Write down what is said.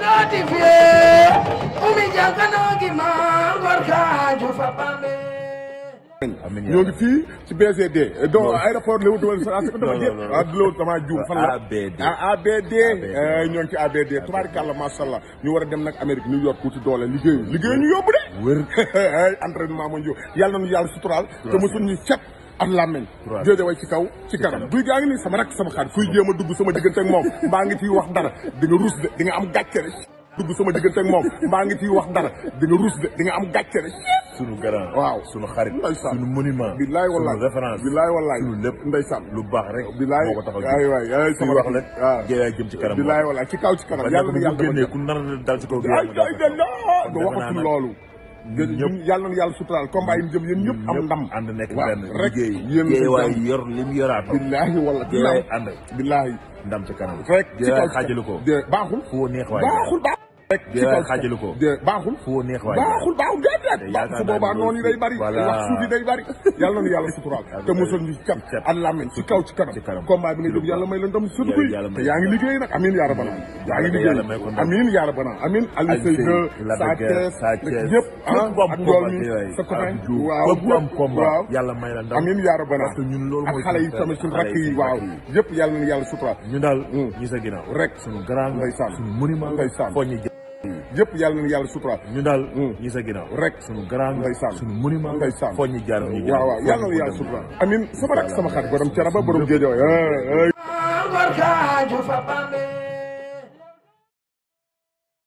dooti fiyee Oumy Diankano gi ma ngor kaaju fa Bambey ñoo ngi ci BCD donc aéroport léwu duwal sax ko dama jëpp ah léwu dama juum fan ABD ñoo ngi ci ABD tubaarikàlla maasàllaa ñu war a dem nag Amérique New York wuti doole liggéey liggéey ñu yóbbu de wër entraînement mooy yóbbu yàlla nañu yàlla suturaal te mosuñu cet am làmmeñ joojo way ci kaw ci kanam guy gaa ngi nii sama rakk sama xaar kuy jéem a dugg sama diggante ak moom mbaa ngi ciy wax dara di nga ruus de di nga am gàcce de dugg sama diggante ak moom mbaa ngi ciy wax dara di nga ruus de am gàcce de sunu garant waaw sunu xarit sunu monument bilaay wallaay sunu référence bilaay wallaay sunu lépp lu baax rek bilaay moo ko taxaw sama wax rek ah. géeyaay jëm ku nar dal ci kaw géej waxatul loolu ñëpp yàlla na yàlla suturaal combat yi mu jëm yéen ñëpp am ndam ànd nekk benn liggéey yéen waay yor li mu yoraat billaahi wala billaahi ànd billaahi ndam ci kanam rek ci kaw xaajali ko baaxul fu neex waay baaxul baaxul rek ci kaw xajalu ko baaxul foo neex waay baaxul baaxul déedéet baaxul su boobaa noonu yi day bari wax suuf yi day bari yàlla nañu yàlla suturaal te mosol ñu cam ak làmmiñ ci kaw ci kanam combat bi nga jëm ah, yàlla may la ndam sut kuy te yaa ngi liggéey nag amiin yaa rabbana yaa ngi yaa rabbana amiin Aliou Seye de Sa Thiès yi tamit suñu rakk yi waaw yëpp yàlla nañu yàlla suturaal ñu daal mm. ñi sa ginnaaw rek suñu grand ndeysaan suñu monument ndeysaan yëpp yàlla na yàlla sutura ñu daal mm. ñi sa ginnaaw rek suñu grand ndeysaan suñu monument ndeysaan foo ñu jaar ñu jaar waaw waaw yàlla na yàlla sutura amin sama rak sama xarit borom ceraba borom géejoo